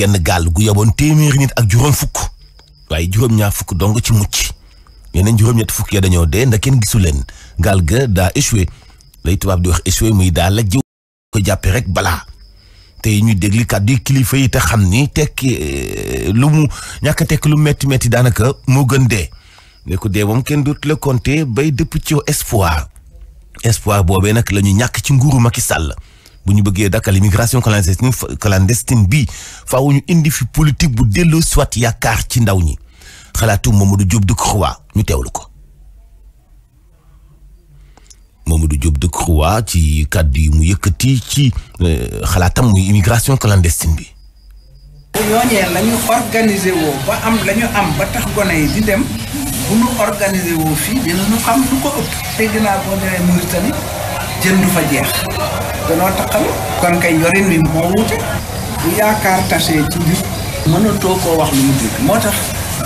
genn gaal gu yoboon téeméeri nit ak juróom fukk waaye juróom-ñaar fukk dong ci mucc yeneen juróom-ñett fukk ya dañoo de ndax kenn gisu leen gaal ga daa échoué lay tubaab di wax échoué muy daa la jiw ko jàppee rek balaa tey ñu dégli kàddu yi kilifa yi te xam ni tekki eh, lu mu ñàkk tekki lu metti metti daanaka moo gën de ne ko dee moom kenn dootu la compter bay dëpp ci espoir espoir boobee nag la ñàkk ci nguuru Macky Sall bu ñu bëggee dakkal immigration clandestine clandestine bi faaw ñu indi fi politique bu delloo soit yaakaar ci ndaw ñi xalaatu Mamadou Diop Decroix ñu teewlu ko. Mamadou Diop Decroix ci kàddu yi mu yëkkati ci euh, xalaatam muy immigration clandestine bi. ñooñee la ñu organiser ba am la am ba tax gone yi di dem bu ñu organiser fii dina ñu xam lu ko ëpp. dégg naa boo demee Mauritanie. jën jënd fa jeex danoo taxal kon kay yorin wi moo wute bu yaakaar tasee ci nit mënatoo koo wax lu mu dégg moo tax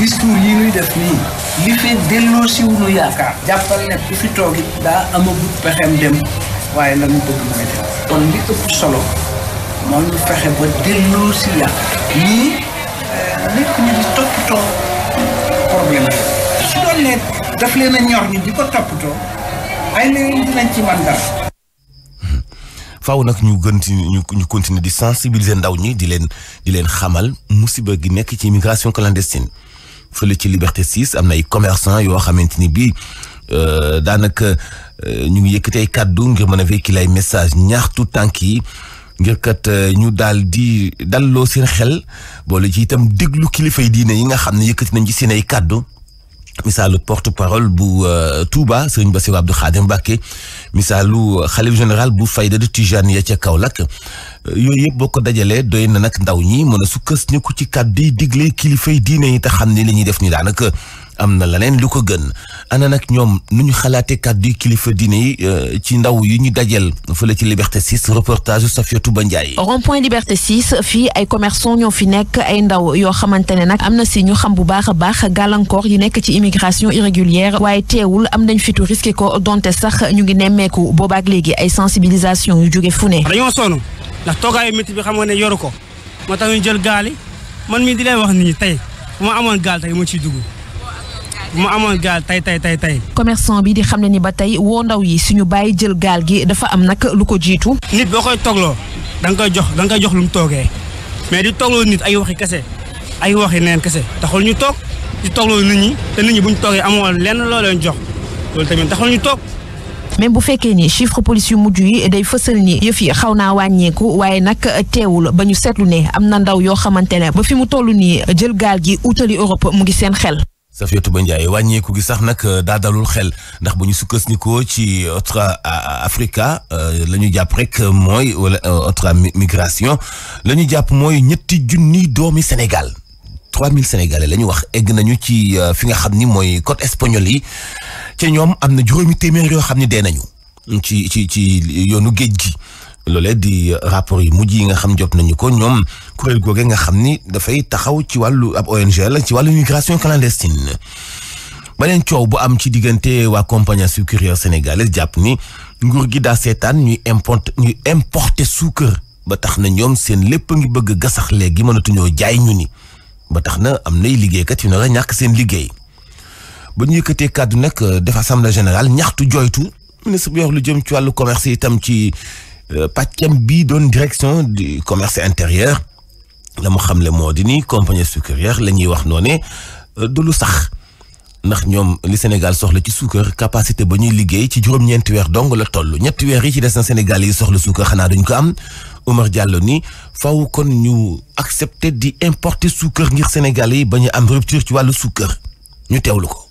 discours yi nuy def nii li fi delloo siwlu yaakaar jàppal ne ku fi toog it daa amagut pexem dem waaye la mu bëgg mooy dem kon li ëpp solo moo ñu fexe ba delloo si yaakaar lii nit ñi di toppatoo problème su doon ne daf leen a ñor ñi di ko toppatoo ay faaw nag ñu gënt ñu ñu di sensibiliser ndaw ñi di leen di leen xamal musiba gi nekk ci immigration clandestine fële ci Liberté 6 am na ay commerçant yoo xamante ni bii euh, daanaka euh, ñu ngi yëkkati ay kàddu ngir mën a véhiculer ay message ñaaxtu tànk yi ngir kat euh, ñu daal di dalloo seen xel boole ci itam déglu kilifa yi diine yi nga xam ne yëkkati nañ ci seen ay kàddu misaalu porte-parole bu euh, Touba Serigne Bassirou Abdou Khadim Mbacké misaalu xalif général bu fayda de Tijaniya kaw Kaolack euh, yooyu yëpp boo ko dajalee doy na nag ndaw ñi mën a sukkas ñi ko ci kàddu yi digle kilifay diine yi te xam ne li ñuy def ni daanaka am na leneen lu ko gën ana nag ñoom nu ñu xalaatee di kilifa diine yi euh, ci ndaw yu ñu dajeel fële ci Liberté 6 reportage Safiatou Ba Ndiaye. rond-point Liberté 6 fii ay commerçant ñoo fi nekk ay ndaw yoo xamante ne nag am na si ñu xam bu baax a baax gàllankoor yi nekk ci immigration irrégulière waaye teewul am nañ fitu risqué ko donte sax ñu ngi nemmeeku boobaak léegi ay sensibilisation yu jóge fu ne. dañoo sonn ndax toogaayu xam nga ne yoru ko moo tax ñu jël gaal yi man mii di lay amoon gaal tey ma ciy dugg. mu amoon gaal tey tey tey tey. commerçant bi di xam ne ni ba tey woo ndaw yi suñu bàyyi jël gaal gi dafa am nag lu ko jiitu. nit boo koy toogloo da nga koy jox danga jox lu ñu toogee mais di toogloo nit ay waxi kese ay waxi neen kese taxul ñu toog di toogloo nit ñi te nit ñi bu ñu toogee amoo lenn loo leen jox loolu tamit taxul ñu toog. même bu fekkee ni chiffre police yu mujj yi day fësal ni yëf yi xaw naa wàññeeku waaye nag teewul ba ñu seetlu ne am na ndaw yoo xamante ne ba fi mu toll nii jël gaal gi utali Europe mu ngi seen xel. Safiatou Ba Ndiaye wàññeeku gi sax nag euh, daa dalul xel ndax bu ñu sukkandikoo ci Otra euh, Africa euh, la ñu jàpp rek mooy wala Otra migration la ñu jàpp mooy ñetti junniy doomi Sénégal 3000 Sénégalais la ñu wax egg nañu ci fi nga xam ni mooy côte espagnole yi ci ñoom am na juróomi téeméeri yoo xam ni dee nañu ci ci ci yoonu géej gi. loolee di rapport yi mujj yi nga xam jot nañu ko ñoom kuréel googe nga xam ni dafay taxaw ci wàllu ab ONG la ci wàllu migration clandestine beneen coow bu am ci diggante waa compagnie sucrière sénégalaise jàpp ni nguur gi daa seetaan ñuy importe ñuy importer suukar ba tax na ñoom seen lépp ngi bëgg gasax léegi mënatuñoo jaay ñu ni ba tax na am nay liggéeykat yu ne la ñàkk seen liggéey ba ñu yëkkatee kàddu nag euh, def assemblée général ñaxtu jooytu ministre bi wax lu jëm ci wàllu commerce itam ci Euh, pàccem bii doon direction du commerce intérieur la mu xamle moo di ni compagnie sucrière la ñuy wax noonu ne euh, du lu sax ndax ñoom li Sénégal soxla ci suukar capacité ba ñuy liggéey ci juróom-ñeenti weer dong la toll ñetti weer yi ci des na Sénégal yi soxla suukar xanaa duñ ko am Omar jàll ni faw kon ñu accepter di importer suukar ngir Sénégal yi ba ñu am rupture ci wàllu suukar ñu teewlu ko.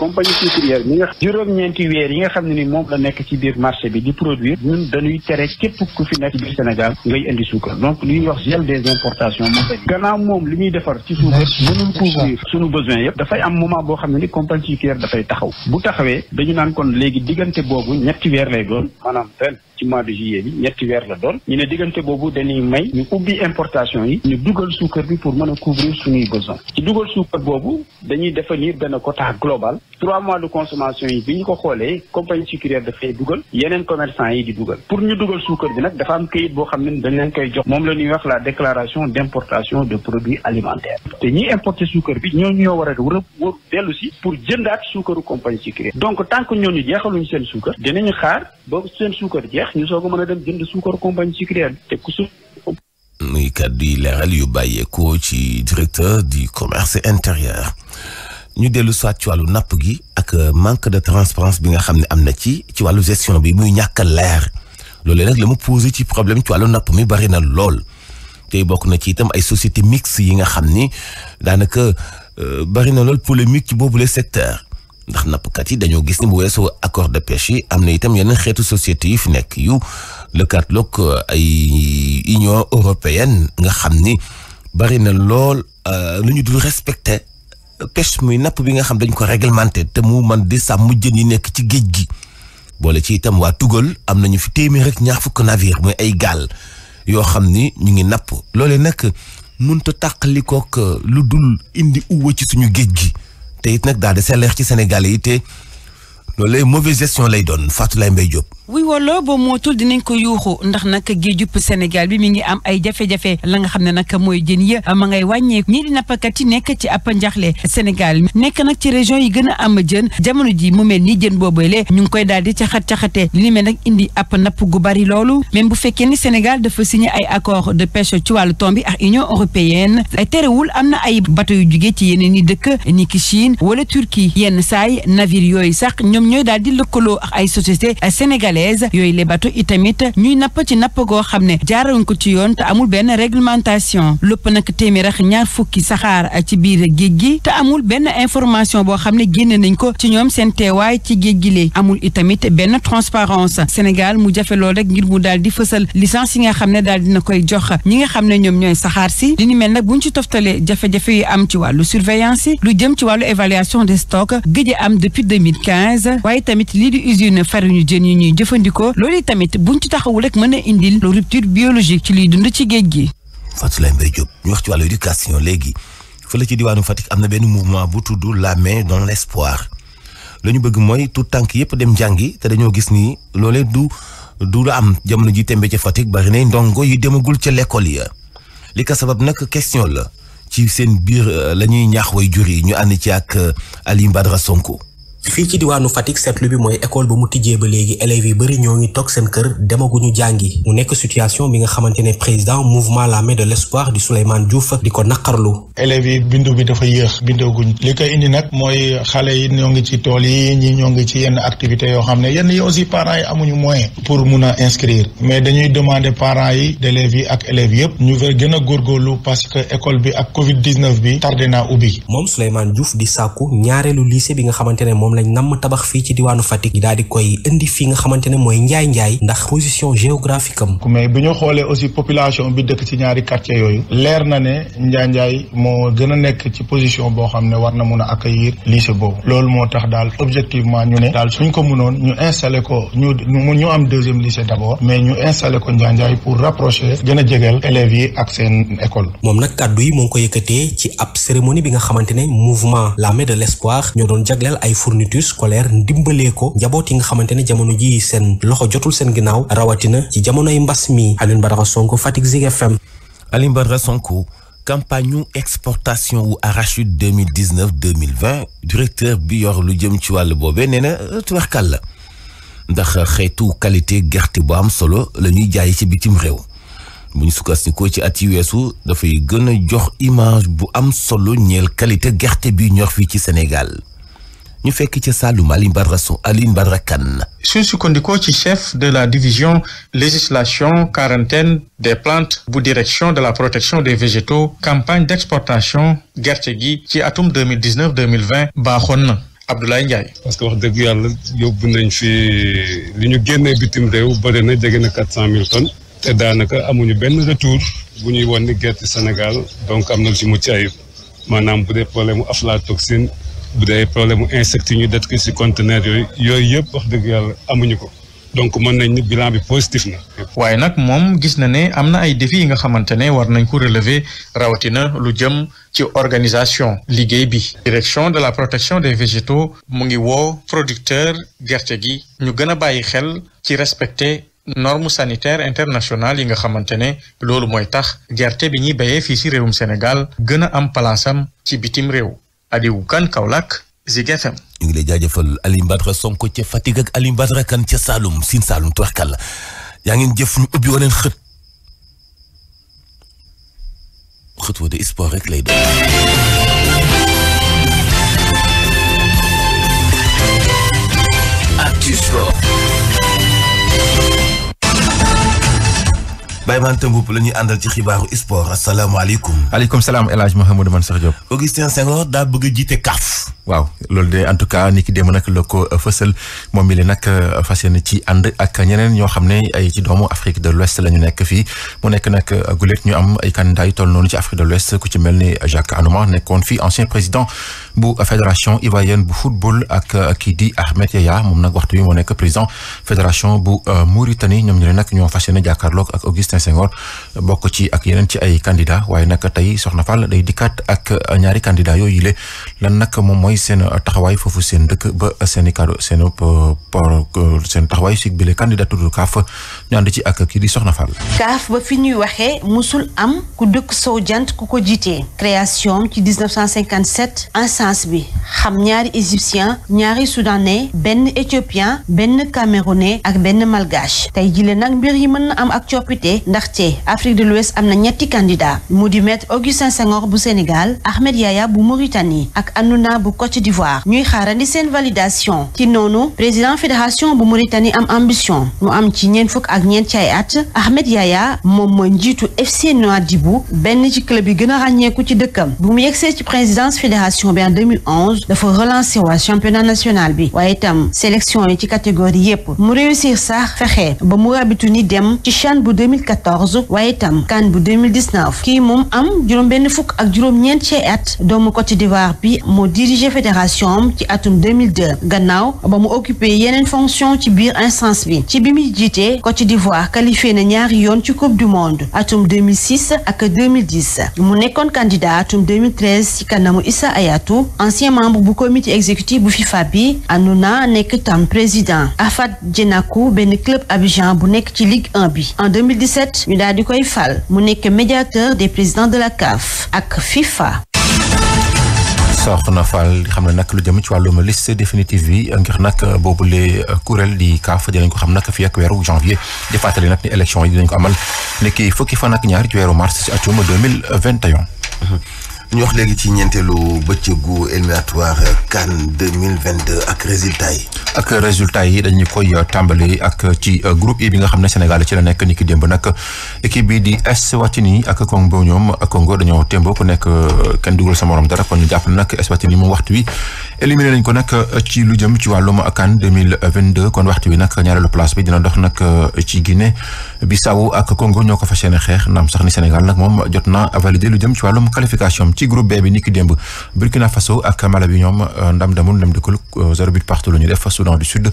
compagnie sucrière bi nga juróom-ñeenti weer yi nga xam ne ni moom la nekk ci biir marché bi di produire ñun dañuy tere képp ku fi nekk ci biir Sénégal ngay indi suukar donc li ñuy wax gel des importations moom gannaaw moom li ñuy defar ci suukar mënul couvrir suñu besoin yëpp dafay am moment boo xam ne ni compagnie sucrière dafay taxaw bu taxawee dañu naan kon léegi diggante boobu ñetti weer lay doon maanaam ren ci mois de juillet bi ñetti weer la doon ñu ne diggante boobu dañuy may ñu ubbi importation yi ñu dugal suukar bi pour mën a couvrir suñuy besoin ci dugal suukar boobu dañuy définir benn quota global trois mois de consommation yi bi ñu ko xoolee compagnie sucrière dafay dugal yeneen commerçant yi di dugal pour ñu dugal suukar bi nag dafa am këyit boo xam ne dañ leen koy jox moom la ñuy wax la déclaration d' importation de produits alimentaires te ñi importer suukar bi ñoo war a wër wër si pour jëndaat suukaru compagnie sucrière donc tant que ñooñu jeexaluñu seen suukar dinañu xaar ba seen suukar jeex jeex ñu soog a mën muy kàddu yi leeral yu bàyyeekoo ci directeur du commerce intérieur ñu dellu soit ci wàllu napp gi ak euh, manque de transparence bi nga xam ne am na ci ci wàllu gestion bi muy ñàkk leer loolu nag la mu posé ci problème ci wàllu napp mi bari na lool tey bokk na ci itam ay société mixte yi nga xam ni daanaka euh, bari na lool polémique ci boobu boobule secteur ndax nappkat yi dañoo gis ni bu weesoo accord de pêche yi am na itam yeneen xeetu société yi fi nekk yu lëkkaloo ay union européenne nga xam ni bari na lool euh, lu ñu dul respecté pêche muy napp bi nga xam dañ ko réglementer te mu man di sàmm jën yi nekk ci géej gi. boole ci itam waa tugal am nañu fi téeméer rek ñaax fukk navire muy ay gaal yoo xam ni ñu ngi napp loolee nag mënut a kook lu dul indi uwa ci suñu géej gi. te it nag daal di ci Sénégal yi te loolu lay gestion lay doon Fatou Lay Mbaye wuy wala ba mootul dinañ ko yuuxu ndax nag géejub Sénégal bi mi ngi am ay jafe-jafe la nga xam ne nag mooy jën ya ma ngay wàññeeku ñii di nappkat yi nekk ci ab njaxle Sénégal nekk nag ci région yi gën a am jën jamono ji mu mel ni jën boobale ñu ngi koy daal di caxat caxate li ni mel nag indi ab napp gu bari loolu même bu fekkee ni Sénégal dafa signé ay accord de pêche ci wàllu tomb bi ak Union européenne terewul am na ay bateau yu jugee ci yeneen i dëkk ni ki Chine wala Turquie yenn saay navire yooyu sax ñoom ñooy daal di lëkkaloo ak ay société sénégalais sénégalaise yooyu les bateaux itamit ñuy napp ci napp goo xam ne jaaraluñ ko ci yoon te amul benn réglementation lépp nag téeméer ak ñaar fukki saxaar ci biir géej gi te amul benn information boo xam ne génne nañ ko ci ñoom seen teewaay ci géej gi lee amul itamit benn transparence Sénégal mu jafe lool rek ngir mu daal di fësal licence yi nga xam ne daal dina koy jox ñi nga xam ne ñoom ñooy saxaar si li ni mel nag buñ ci toftalee jafe-jafe yi am ci wàllu surveillance lu jëm ci wàllu évaluation des stocks gëj am depuis 2015 waaye tamit lii di usine farine jën jëf jëfandikoo loolu tamit buñ ci taxawul rek mën a indil lu rupture biologique ci liy dund ci géej gi. Fatulaye Mbaye Diop ñu wax ci wàllu éducation léegi fële ci diwaanu Fatick am na benn mouvement bu tudd la main dans l'espoir la ñu bëgg mooy tout tànk yëpp dem jàngi te dañoo gis ni loole du du am jamono ji tembe ca Fatick bari na ndongo yi demagul ca l'école ya li ka sabab nag question la ci seen biir euh, la ñuy ñaax way jur yi ñu ànd ci ak euh, Aliou Badara Sonko. fii ci diwaanu Fatick seetlu bi mooy école ba mu tijjee ba léegi élèves yi bëri ñoo ngi toog seen kër demaguñu jàngi mu nekk situation bi nga xamante ne président mouvement la main de l'espoir di Souleymane Diouf di ko naqarlu élèves yi bindu bi dafa yéex bindaguñ li koy indi nag mooy xale yi ñoo ngi ci tool yi ñi ñoo ngi ci yenn activité yoo xam ne yenn yi aussi parents yi amuñu moyen pour mun a inscrire mais dañuy demander parent yi d'élèves yi ak élèves yëpp ñu gën a góorgóorlu parce que école bi ak Covid bi tardé naa ubbi. moom Souleymane Diouf di sàkku ñaareelu lycée bi nga moom lañ namm tabax fii ci diwaanu Fatick daal di koy indi fii nga xamante ne mooy njaay njaay ndax position géographique mais bu ñu xoolee aussi population bi dëkk ci ñaari quartier yooyu leer na ne njaay njaay moo gën a nekk ci position boo xam ne war na mun a accueillir lycée boobu loolu moo tax daal objectivement ñu ne daal suñ ko mënoon ñu installé ko ñu ñu am deuxième lycée d'abord mais ñu installé ko njaay njaay pour rapprocher gën a jegeel élèves yi ak seen école fourniture scolaire ndimbalee ko njaboot yi nga xamante ne jamono ji seen loxo jotul seen ginnaaw rawatina ci jamonoy mbas mi Alioune Sonko Fatick Zik FM. Alioune Badara Sonko campagne ñu exportation wu arachide 2019 2020 directeur bi yor lu jëm ci wàll boobee nee na euh, tubarkal la ndax xeetu qualité gerte bu am solo la ñuy jaay ci bitim réew bu ñu sukkandikoo ci at yi weesu dafay gën a jox image bu am solo ñeel qualité gerte bi ñor fii ci Sénégal ñu fekk ci Saloum Alioune Badara Sow Alioune Badara Kane suñ sukkandikoo ci chef de la division législation quarantaine des plantes bu direction de la protection des végétaux campagne d'exportation gerte gi ci atum 2019 2020 baaxoon na Abdoulaye Ndiaye. parce que wax dëgg yàlla yóbbu nañ fi li ñu génnee bitim réew bëri na jege na quatre cent mille tonnes te daanaka amuñu benn retour bu ñuy wan ni gerte Sénégal donc am na lu si mucc ayib maanaam bu dee problème mu aflatoxine bu dee problème mu insectes ñu det ko si yooyu yëpp wax dëgg yàlla amuñu ko donc mën nañ ni bilan bi positif na. waaye nag moom gis na ne am na ay défis yi nga xamante ne war nañ ko relever rawatina lu jëm ci organisation liggéey bi. direction de la protection des végétaux mu ngi woo producteur gerte gi ñu gën a bàyyi xel ci respecter norme sanitaire internationale yi nga xamante ne loolu mooy tax gerte bi ñuy bayee fii ci réewum Sénégal gën a am palaasam ci bitim réew. Aliou Kane Kaolack Zik FM. ñu ngi lay jaajëfal Alioune Badara Sonko ca Fatick ak Alioune Badara Kane ca Saloum Sine Saloum Tuwaxkal yaa ngeen jëf ñu ubbi waneen xët xët wa de espoir rek lay doon. Souleymane Temboup la a euh, ne ay ci la ñu nekk fii mu nekk nag euh, gulet ñu am ay candidats yu noonu ci Afrique de l'Ouest ku ci mel ni Jacques Anouma nekkoon fii ancien président bu fédération ivoirienne bu football ak euh, kii Ahmed Yaya moom nag waxtu wi moo nekk président fédération bu Mauritanie ñoom ñu ne nag ñoo fas yéene jàkkaarloog ak Augustin Senghor Senghor bokk ci ak yeneen ci ay candidat waaye nag tey Soxna Fall day dikkaat ak ñaari candidat yoo le lan nag moom mooy seen taxawaay foofu seen dëkk ba seen kàddu seen seen taxawaay si bile candidature CAF ñu ànd ci ak kii di Soxna Fall. CAF ba fi ñuy waxee musul am ku dëkk sow jant ku ko jiitee création ci 1957 instance bi xam ñaari égyptien ñaari soudanais benn éthiopien benn camerounais ak benn malgache tey jile nag mbir yi mën na am ak coppite ndaxte Afrique de l'Ouest am na ñetti candidat mu di maître Augustin Senghor bu Sénégal Ahmed Yaya bu Mauritanie ak Announa bu Côte d'Ivoire ñuy xaarandi seen validation ci noonu président fédération bu Mauritanie am ambition mu am ci ñeent fukk ak ñeent ci ay at Ahmed Yaya moom mooy njiitu FC Nouadhibou benn ci club yi gën a ràññeeku ci dëkkam bu mu yegsee ci présidence fédération bi en dafa relancé waa championnat national bi waaye itam sélection yi ci catégorie yépp mu réussir sax fexe ba mu rabitu ni dem ci CHAN bu 2014 2014 waaye itam kan bu 2019 moom am juróom-benn fukk ak juróom-ñeent ci at doomu Côte d'Ivoire bi moo dirigé fédération ci atum 2002 gannaaw ba mu occupé yeneen fonction ci biir instance bi ci bi muy jiitee Côte d'Ivoire qualifié na ñaari yoon ci coupe du monde atum 2006 ak 2010 mu nekkoon candidat atum 2013 ci kanamu Issa Hayatou ancien membre bu comité exécutif bu FIFA bi Anuna nekk tam président Afat Djenakou benn club Abidjan bu nekk ci Ligue 1 bi en at ñu daal di koy fal mu nekk médiateur des présidents de la CAF ak FIFA. soxna Fall xam ne nag lu jëm ci wàllum liste définitive bi ngir boobu euh, boobule euh, kuréel di kaaf dinañ ko xam nag fii ak weeru janvier di fàttali nag ni élection yi dinañ ko amal nekk fukki fan ak ñaar ci weeru mars ci atum 2021. Mmh. ñu wax léegi ci ñeenteelu bëccëgu éliminatoire CAN 2022 ak résultat yi. ak résultat yi dañu koy tàmbali ak ci groupe E bi nga xam ne Sénégal ci la nekk ni ki démb nag équipe bi di Eswatini ak Congo ñoom Congo dañoo témboo ko nekk kenn dugal sa morom dara kon jàpp nag Eswatini moom waxtu wi éliminé nañ ko nag ci lu jëm ci wàllum CAN 2022 kon waxtu wi nag ñaareelu place bi dina dox nag ci Guinée Bissau ak Congo ñoo ko fas yéene xeex naam sax ni Sénégal nag moom jot na validé lu jëm ci wàllum qualification ci groupe B bi ni ki démb Burkina Faso ak Malawi ñoom ndam damul ndam dikkul zéro but partout lu ñu def Soudan du Sud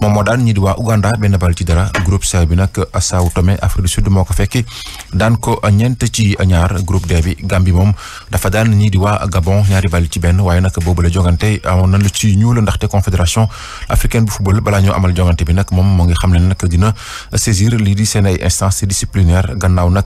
moom moo daan ñi di waa Ouganda benn bal ci dara groupe C bi nag Sao Tomé Afrique du Sud moo ko fekki daan ko ñeent ci ñaar groupe D bi Gambie moom dafa daan ñi di waa Gabon ñaari bal ci benn waaye nag boobu la jongante amoon na lu ci ñuul ndaxte confédération africaine bu football balaa ñoo amal jongante bi nag moom moo ngi xam ne nag dina saisir lii di seen ay instance disciplinaire gannaaw nag